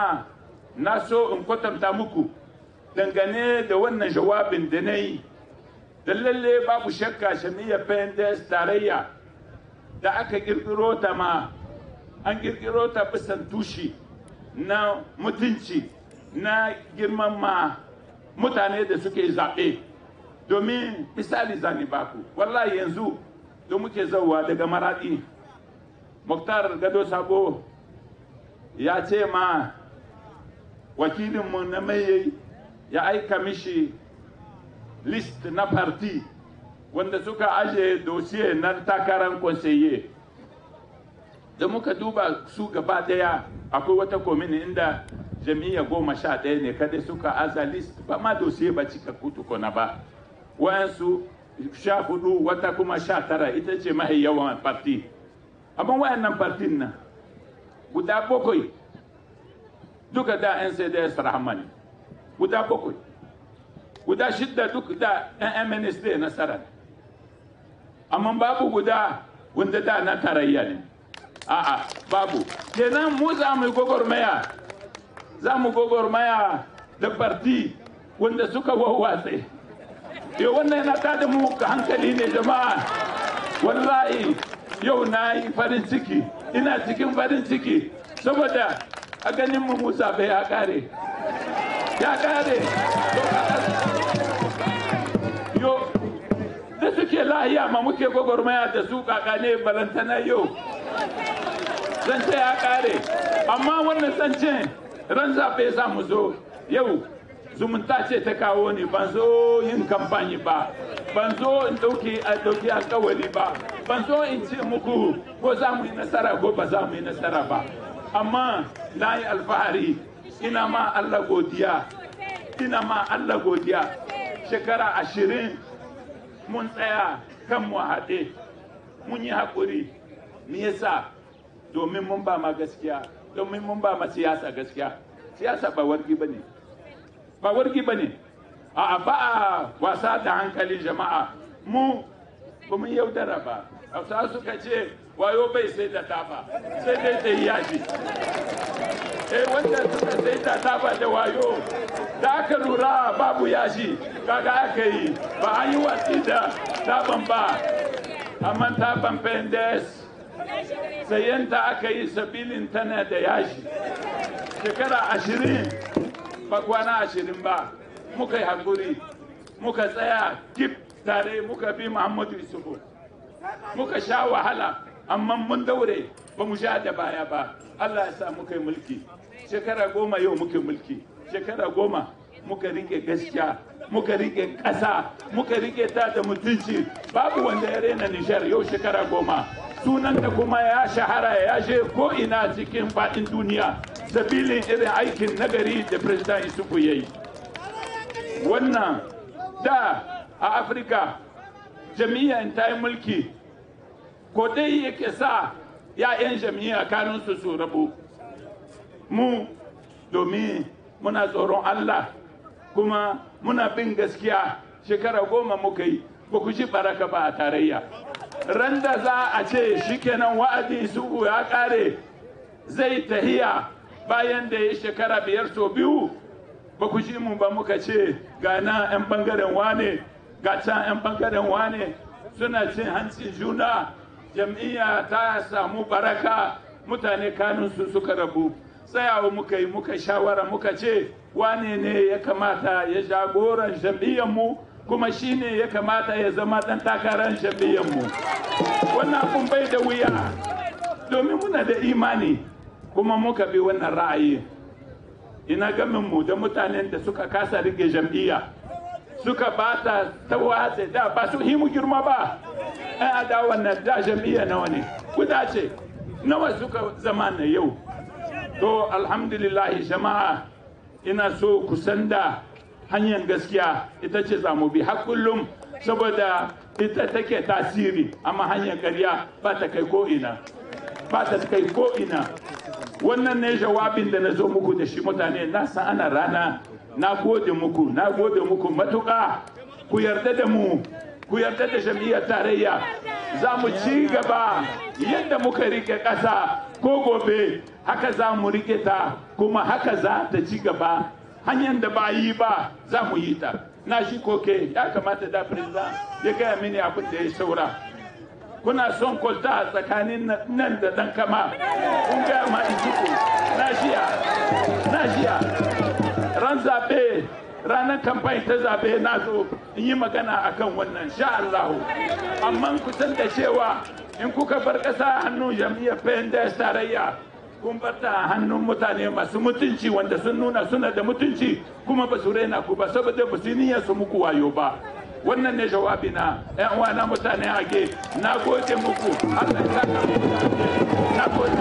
Ah, na so in kwatanta muku dangane da wannan jawabin da na yi da lalle babu shakka shamiyyar pendes tarayya da aka kirkiro ta ma an kirkiro ta bisan tushi na mutunci na girman ma mutane da suke zaɓe domin misali zani baku wallahi yanzu da muke zauwa daga maraɗi muktar gado sabo ya ce ma wakilin mu na mai ya aika mishi list na parti wanda suka aje dosiye na takarar konseye da muka duba su gaba daya akwai wata komini inda jami'a goma sha ɗaya ne kada suka aza list ba ma dosiye ba cika na ba wayansu sha hudu wata kuma sha tara ita ce mahi yawan parti amma wayannan partin nan guda bakwai duka da 'yan sai da ya sara ne guda bakwai guda shidda duk da 'yan mns da nasara ne amma babu guda wanda da na tarayya ne a'a babu kenan mu za mu gogormaya za mu gogormaya da farti wanda suka wawwatse yau wannan yana da mu hankali ne jama'a wallahi yau na yi farin ciki ina cikin farin ciki saboda a ganin mu musa bai ya kare ya kare yo da suke lahiya ma muke gwagwarmaya da su kakane balantana yau zance ya kare amma wannan zance ran zaɓe za mu zo yau zumunta ce ta kawo ne ban zo yin kamfani ba ban zo in ɗauki a ɗauki alkawari ba ban zo in ce muku ko za mu yi nasara ko ba za mu yi nasara ba amma na yi alfahari ina ma Allah godiya ina ma Allah godiya shekara ashirin mun tsaya kan mu haɗe mun yi haƙuri me yasa domin mun ba ma gaskiya domin mun ba ma siyasa gaskiya siyasa ba wargi ba ne ba wargi ba ne a ba a wasa da hankalin jama'a mu ba mun yaudara ba a suka ce wayo bai sai da tafa sai dai ta yi yaji eh wanda suka sai da tafa da wayo da aka lura babu yaji kaga aka yi ba an yi wasi da taban ba amma taban pendes sayanta aka yi sabilin tana da yaji shekara ashirin ba kwana ashirin ba muka yi hakuri muka tsaya kip tare muka bi muhammadu isufu muka sha wahala amma mun daure ba mu sha da baya ba Allah ya sa muka yi mulki shekara goma yau muke mulki shekara goma muka rike gaskiya muka rike ƙasa muka rike ta da mutunci babu wanda ya rena nishar yau shekara goma sunan da kuma ya shahara ya je ko ina cikin faɗin duniya sabilin irin aikin nagari da president isuku ya yi wannan da a afirka jami'an ta yi mulki ko dai yake sa ya ‘ya'yan jamia kanunsu su su rabu mu domin muna tsoron Allah kuma muna bin gaskiya shekara goma muka yi ba ku ji baraka ba a tarayya ran da za a ce shikenan wa'azi su ya kare zai tahiya bayan da ya shekara biyar so biyu ba ku ji mu ba muka ce ga na 'yan bangaren wane ga can 'yan bangaren wane suna cin hancin juna jam'iyya ta samu baraka mutane kanunsu suka rabu tsayawa muka yi muka shawara muka ce wane ne ya kamata ya jagoran mu kuma shi ne ya kamata ya zama ɗan takarar mu wannan abun bai da wuya domin muna da imani kuma muka bi wannan ra'ayi ina gamin mu da mutanen da suka kasa rike jam'iyya suka bata ta watsa da ba su himu girma ba ai da wannan da jam'i'a nawa ne guda ce nawa suka zama na yau to alhamdulillahi jama'a ina so ku san da hanyar gaskiya ita ce za mu bi har kullum saboda ita take tasiri amma hanyar karya ba ta kai ko'ina ba ta kai ko'ina wannan ne jawabin da na zo muku da shi mutane na san ana rana na gode muku na gode muku matuƙa ku yarda da mu ku yarda da jam'iyyar tarayya za mu ci gaba yadda muka rike ƙasa ko gobe haka za mu rike ta kuma haka za ta ci gaba hanyar da ba yi ba za mu yi ta na shi koke ya kamata da firza ya gaya mini abin da ya saura kuna son kwalta a tsakanin nan da dan kama kun gaya ma na shiya na shiya ranar kamfani ta zabe na zo in yi magana a kan wannan sha Allah amma kusan da cewa in kuka bar ƙasa hannun jam'iyyar PNDS tarayya kun bar ta hannun mutane masu mutunci wanda sun nuna suna da mutunci kuma ba su raina ku ba saboda ba su niyyar su muku wayo ba wannan ne jawabi na yan uwa na mutane a ke na gode muku Allah ya na gode